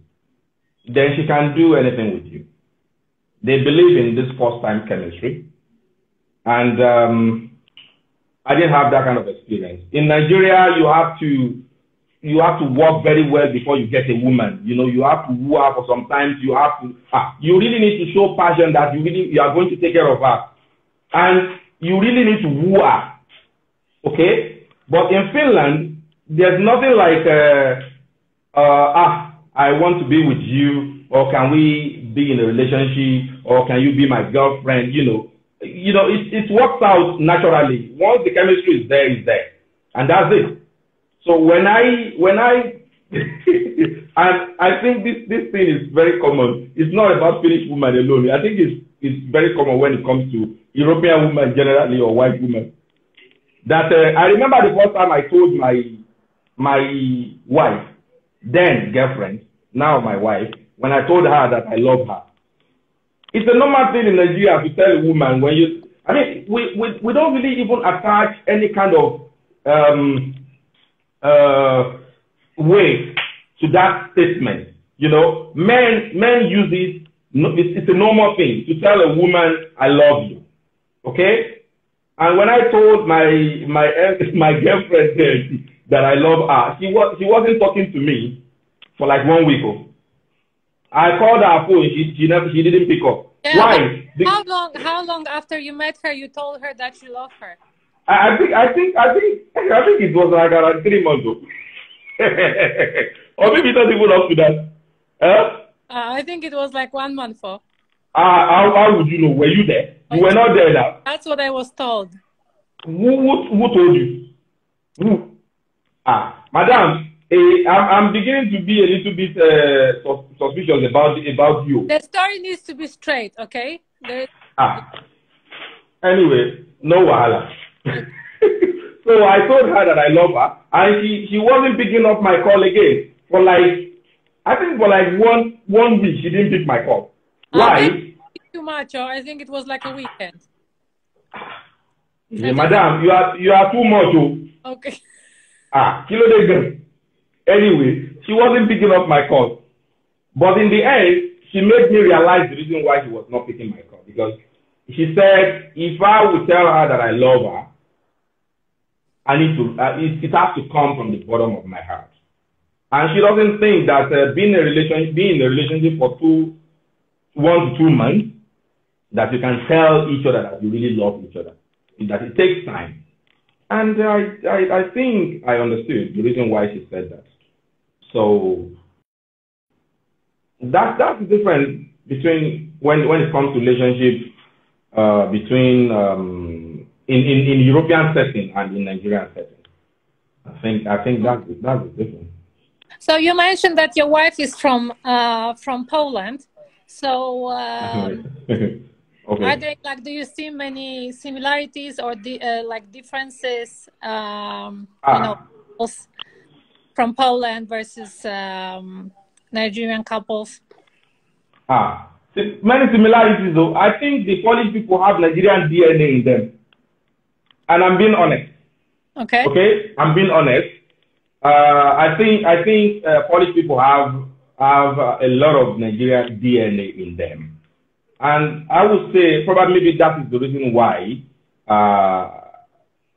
then she can do anything with you. They believe in this first time chemistry. And um, I didn't have that kind of experience. In Nigeria, you have to you have to work very well before you get a woman. You know, you have to woo her for sometimes you have to ah, you really need to show passion that you really you are going to take care of her. And you really need to woo her. Okay? But in Finland, there's nothing like uh, uh, ah, I want to be with you, or can we be in a relationship, or can you be my girlfriend? You know, you know, it, it works out naturally. Once the chemistry is there, it's there. And that's it. So when I, when I, and I think this, this thing is very common. It's not about Finnish women alone. I think it's, it's very common when it comes to European women generally or white women. That uh, I remember the first time I told my, my wife, then girlfriend, now my wife, when I told her that I love her. It's a normal thing in Nigeria to tell a woman when you. I mean, we, we, we don't really even attach any kind of um, uh, weight to that statement. You know, men men use it. It's, a normal thing to tell a woman, "I love you." Okay. And when I told my my my girlfriend that I love her, she was she wasn't talking to me for like one week. Ago. Oh. I called her phone. She she never she didn't pick up. Yeah, Why? How long? How long after you met her, you told her that you love her? I, I think I think I think I think it was like around three months ago. or maybe not even up to that. Huh? Uh, I think it was like one month for. Uh, ah, how, how would you know? Were you there? You were not there now. That's what I was told. Who, who, who told you? Who? Ah, madam, Hey, I'm, I'm beginning to be a little bit uh, suspicious about about you. The story needs to be straight, okay? There's... Ah. Anyway, no wahala. so I told her that I love her, and she, she wasn't picking up my call again for like I think for like one one week she didn't pick my call. Ah, Why? Right? Too much, or I think it was like a weekend. Hey, madam, you are you are too much. Oh. Okay. Ah, kilo ló Anyway, she wasn't picking up my calls. But in the end, she made me realize the reason why she was not picking my call because she said if I would tell her that I love her, I need to uh, it, it has to come from the bottom of my heart, and she doesn't think that uh, being in a relationship being in a relationship for two one to two months that you can tell each other that you really love each other that it takes time, and I I, I think I understood the reason why she said that. So that that's the difference between when when it comes to relationship uh, between um, in, in in European setting and in Nigerian setting. I think I think that's that's the difference. So you mentioned that your wife is from uh, from Poland. So um, okay. are there like do you see many similarities or di- uh, like differences? Um, ah. You know, from Poland versus um, Nigerian couples? Ah, many similarities though. I think the Polish people have Nigerian DNA in them. And I'm being honest. Okay. Okay, I'm being honest. Uh, I think I think uh, Polish people have have uh, a lot of Nigerian DNA in them, and I would say probably maybe that is the reason why uh,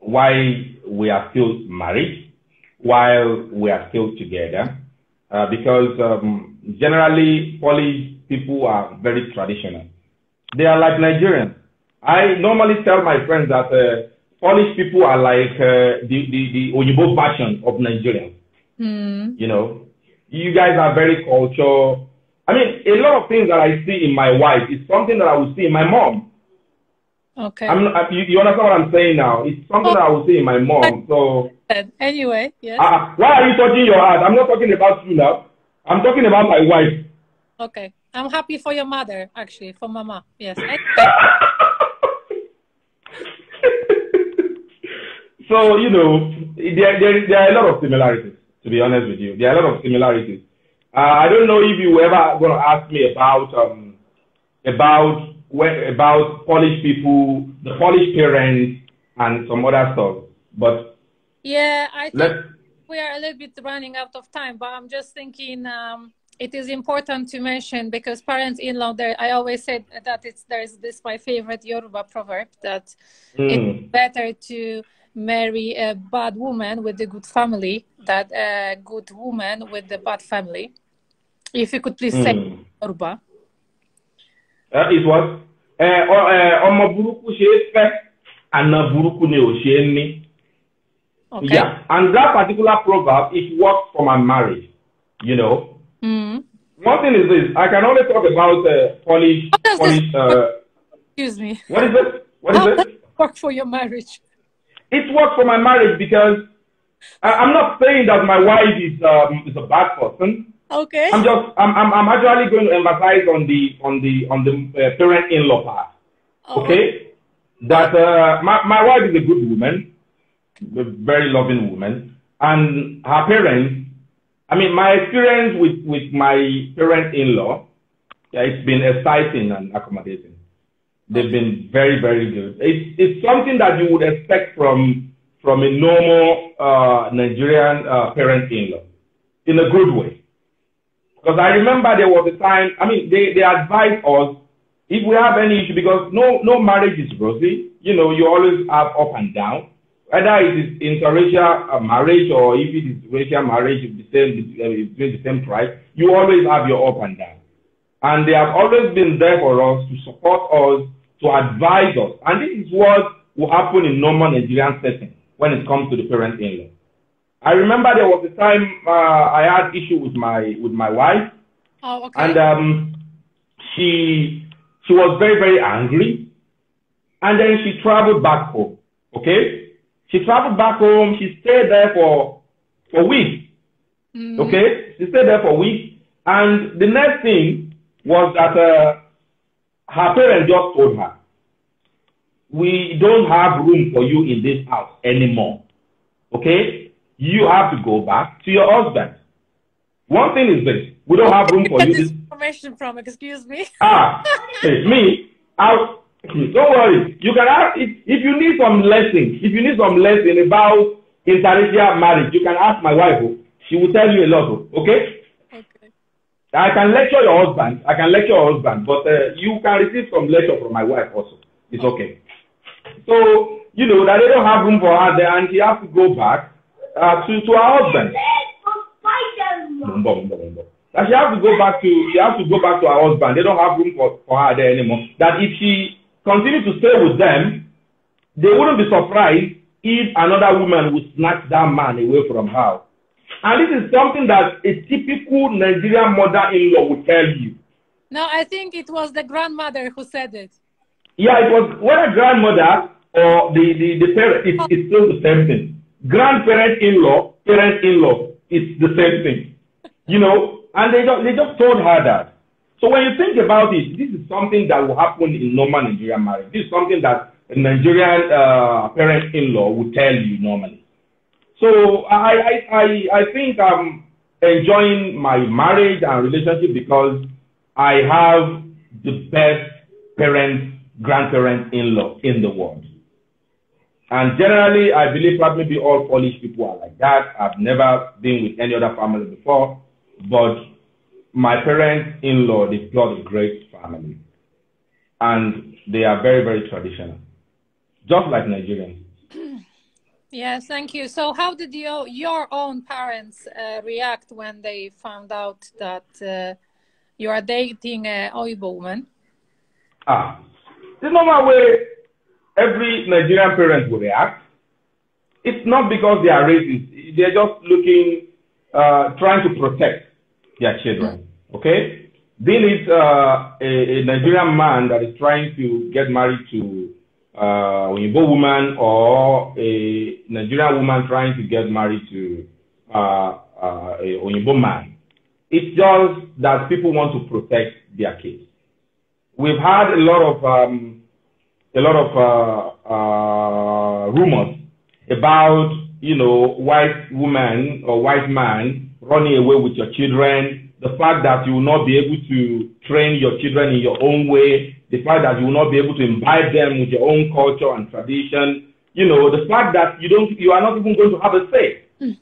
why we are still married while we are still together, uh, because um, generally Polish people are very traditional. They are like Nigerians. I normally tell my friends that uh, Polish people are like uh, the, the, the Oyibo version of Nigerians. Mm. You know, you guys are very cultural. I mean, a lot of things that I see in my wife is something that I would see in my mom. Okay. I'm, you, you understand what I'm saying now? It's something that I would see in my mom. So Anyway, yeah. Uh, ah. why are you touching your heart? I'm not talking about you now. I'm talking about my wife. Okay. I'm happy for your mother, actually, for mama. Yes. so, you know, there, there, there are a lot of similarities, to be honest with you. There are a lot of similarities. Uh, I don't know if you ever going to ask me about, um, about, about Polish people, the Polish parents, and some other stuff. But yeah, I think Let... we are a little bit running out of time, but I'm just thinking um, it is important to mention because parents-in-law, I always said that it's there's this my favorite Yoruba proverb that mm. it's better to marry a bad woman with a good family than a good woman with a bad family. If you could please mm. say hmm. Yoruba. Uh, it was uh, uh, ọmọ burúkú fẹ́ Okay. Yeah, and that particular proverb it works for my marriage. You know, mm. one thing is this: I can only talk about uh, Polish. Polish uh, Excuse me. What is it? What How is it? Work for your marriage. It works for my marriage because I, am not saying that my wife is um, is a bad person. Okay. I'm just I'm, I'm, I'm actually going to emphasize on the on the on the uh, parent-in-law part. Oh. Okay. That uh, my my wife is a good woman a very loving woman. And her parents, I mean, my experience with, with my parents-in-law, yeah, it's been exciting and accommodating. They've been very, very good. It's, it's something that you would expect from, from a normal uh, Nigerian uh, parent-in-law in a good way. Because I remember there was a time, I mean, they, they advised us if we have any issue, because no, no marriage is rosy, you know, you always have up and down whether it is interracial uh, marriage or if it is racial marriage the same between uh, the same tribe, you always have your up and down. And they have always been there for us to support us, to advise us. And this is what will happen in normal Nigerian setting when it comes to the parent in law. I remember there was a time uh, I had issue with my with my wife. Oh, okay. And um, she she was very very angry, and then she traveled back home. Okay. She traveled back home. She stayed there for for weeks. Mm-hmm. Okay, she stayed there for weeks. And the next thing was that uh, her parents just told her, "We don't have room for you in this house anymore. Okay, you have to go back to your husband." One thing is this: we don't have room for you. This information from, excuse me. ah, me. I Hmm. Don't worry. You can ask if, if you need some lesson. If you need some lesson about interracial marriage, you can ask my wife. Oh. She will tell you a lot. Oh. Okay. Okay. I can lecture your husband. I can lecture your husband, but uh, you can receive some lecture from my wife also. It's okay. So you know that they don't have room for her there, and she has to go back uh, to to her husband. That she has to go back to she has to go back to her husband. They don't have room for, for her there anymore. That if she continue to stay with them, they wouldn't be surprised if another woman would snatch that man away from her. And this is something that a typical Nigerian mother-in-law would tell you. No, I think it was the grandmother who said it. Yeah, it was whether grandmother or the, the, the parent, it, it's still the same thing. Grandparent-in-law, parent-in-law, it's the same thing. You know, and they just, they just told her that. So when you think about it, this is something that will happen in normal Nigerian marriage. This is something that a Nigerian uh, parent-in-law would tell you normally. So I, I, I, I think I'm enjoying my marriage and relationship because I have the best parents, grandparents in law in the world. And generally, I believe that maybe all Polish people are like that. I've never been with any other family before, but my parents in law, they plot great family. And they are very, very traditional, just like Nigerians. Yes, thank you. So, how did your your own parents uh, react when they found out that uh, you are dating an Oibo woman? Ah, the normal way every Nigerian parent will react. It's not because they are racist; they are just looking, uh, trying to protect their children. Okay? This is uh, a, a, Nigerian man that is trying to get married to uh, a Igbo woman or a Nigerian woman trying to get married to uh, uh, a Oyinbo man. It's just that people want to protect their kids. We've had a lot of um, a lot of uh, uh rumors about you know white woman or white man running away with your children the fact that you will not be able to train your children in your own way, the fact that you will not be able to imbibe them with your own culture and tradition, you know, the fact that you don't, you are not even going to have a say. Mm.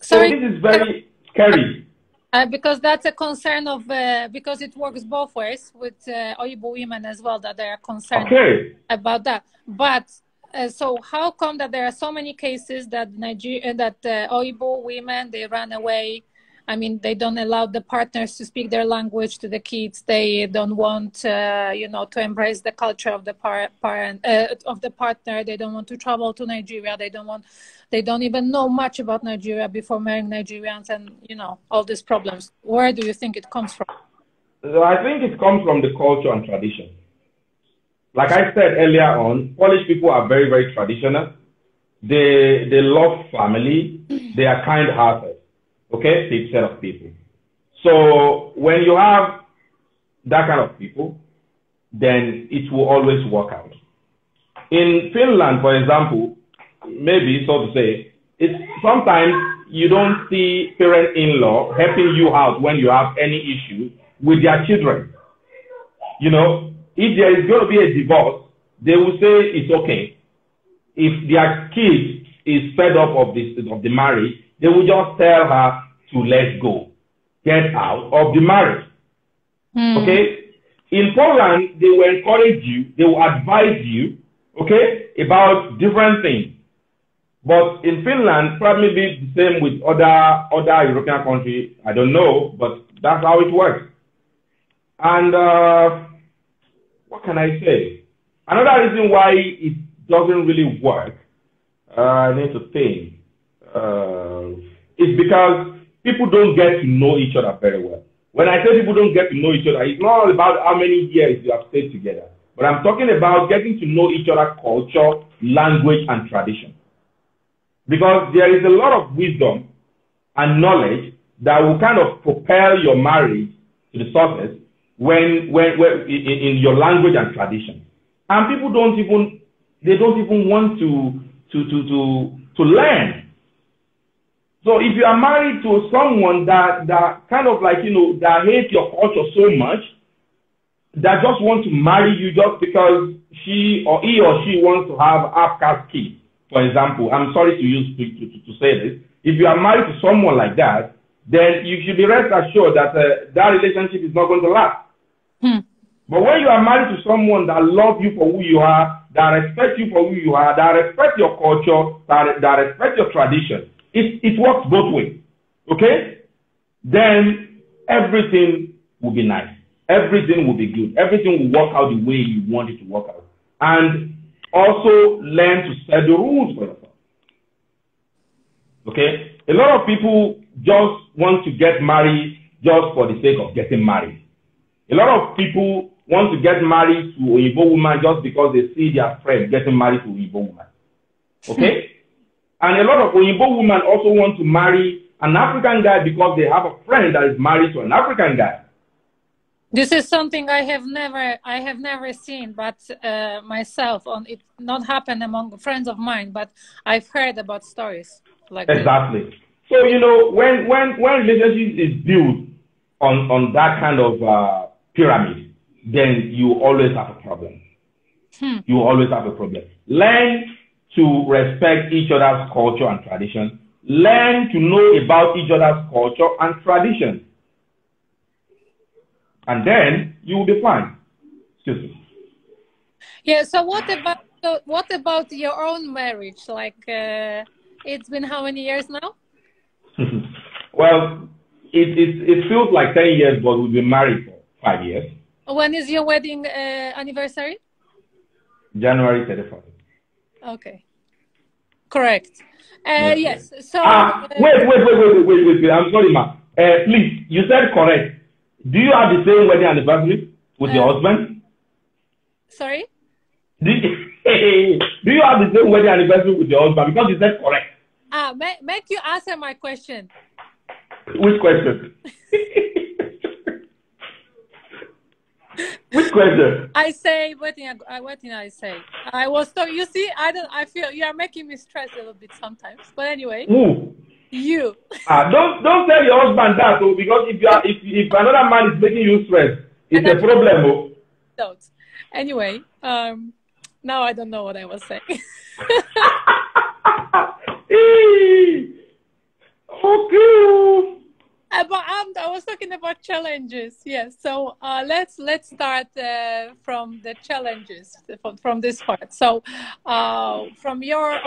Sorry. So this is very uh, scary. Uh, because that's a concern of, uh, because it works both ways with uh, Oyibo women as well, that they are concerned okay. about that. But uh, so how come that there are so many cases that Niger- uh, that uh, Oyibo women they run away I mean, they don't allow the partners to speak their language to the kids. They don't want, uh, you know, to embrace the culture of the par- parent uh, of the partner. They don't want to travel to Nigeria. They don't want, they don't even know much about Nigeria before marrying Nigerians, and you know, all these problems. Where do you think it comes from? So I think it comes from the culture and tradition. Like I said earlier on, Polish people are very, very traditional. They they love family. They are kind-hearted Okay, same set of people. So when you have that kind of people, then it will always work out. In Finland, for example, maybe so to say, it's sometimes you don't see parent in law helping you out when you have any issue with their children. You know, if there is going to be a divorce, they will say it's okay. If their kid is fed up of this of the marriage, they will just tell her to let go, get out of the marriage. Mm. Okay? In Poland, they will encourage you, they will advise you, okay, about different things. But in Finland, probably the same with other other European countries. I don't know, but that's how it works. And uh, what can I say? Another reason why it doesn't really work, uh, I need to think. Uh, is because people don't get to know each other very well. When I say people don't get to know each other, it's not all about how many years you have stayed together, but I'm talking about getting to know each other's culture, language, and tradition. Because there is a lot of wisdom and knowledge that will kind of propel your marriage to the surface when, when, when in, in your language and tradition. And people don't even they don't even want to to to to, to learn so if you are married to someone that, that kind of like, you know, that hates your culture so much, that just want to marry you just because she or he or she wants to have half-caste kids, for example, I'm sorry to use to, to, to say this, if you are married to someone like that, then you should be rest assured that uh, that relationship is not going to last. Hmm. But when you are married to someone that loves you for who you are, that respects you for who you are, that respects your culture, that, that respects your tradition, it, it works both ways. Okay? Then everything will be nice. Everything will be good. Everything will work out the way you want it to work out. And also learn to set the rules for yourself. Okay? A lot of people just want to get married just for the sake of getting married. A lot of people want to get married to a Igbo woman just because they see their friend getting married to a Igbo woman. Okay? And a lot of Oyinbo women also want to marry an African guy because they have a friend that is married to an African guy. This is something I have never, I have never seen, but uh, myself on it not happen among friends of mine, but I've heard about stories like exactly. So you know, when when when relationship is built on on that kind of uh, pyramid, then you always have a problem. Hmm. You always have a problem. Learn to respect each other's culture and tradition, learn to know about each other's culture and tradition. And then you will be fine. Excuse me. Yeah, so what about so what about your own marriage? Like uh, it's been how many years now? well, it, it it feels like ten years, but we've been married for five years. When is your wedding uh, anniversary? January thirty first. Okay. Correct. Uh, okay. Yes. So. Ah, uh, wait, wait, wait, wait, wait, wait, wait. I'm sorry, ma. Uh, please, you said correct. Do you have the same wedding anniversary with uh, your husband? Sorry. Do you, do you have the same wedding anniversary with your husband? Because you said correct. Ah, make, make you answer my question. Which question? Which question? I say what did I what did I say? I was talking. You see, I don't. I feel you are making me stress a little bit sometimes. But anyway, who? you. Ah, don't don't tell your husband that, though, because if you are if if another man is making you stress, it's and a problem. Oh. Don't. Anyway, um, now I don't know what I was saying. okay. Oh. About, um, I was talking about challenges. Yes. So uh, let's let's start uh, from the challenges from, from this part. So uh, from your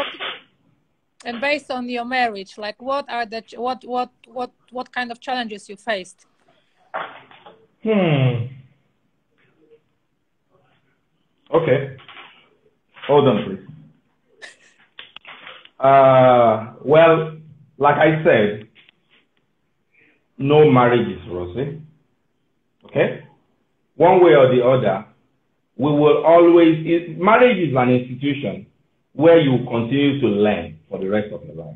and based on your marriage, like what are the what what what what kind of challenges you faced? Hmm. Okay. Hold on, please. Uh, well, like I said, no marriage is rosy. Okay? One way or the other, we will always, marriage is an institution where you continue to learn for the rest of your life.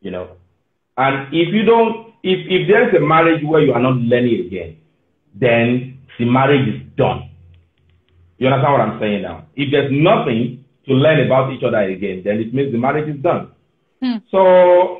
You know? And if you don't, if, if there's a marriage where you are not learning again, then the marriage is done. You understand what I'm saying now? If there's nothing to learn about each other again, then it means the marriage is done. Hmm. So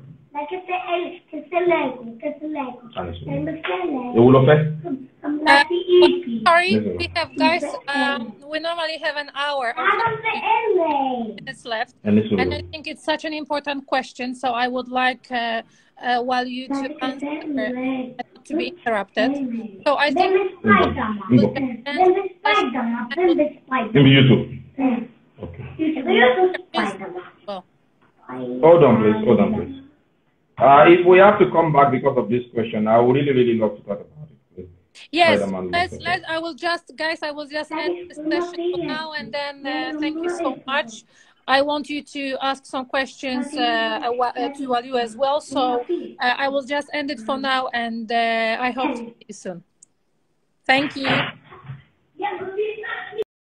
Like if the L, it's a language, it's a language. sorry, we have guys. Um, we normally have an hour minutes left, and I think it's such an important question. So I would like uh, uh, while you to answer uh, to be interrupted. So I think. Okay. Hold on, please. Hold on, please. Uh, if we have to come back because of this question, I would really, really love to talk about it. Yes, let's, let's, I will just, guys, I will just end this session for now and then uh, thank you so much. I want you to ask some questions uh, uh, uh to Walu as well. So uh, I will just end it for now and I hope to see you soon. Thank you.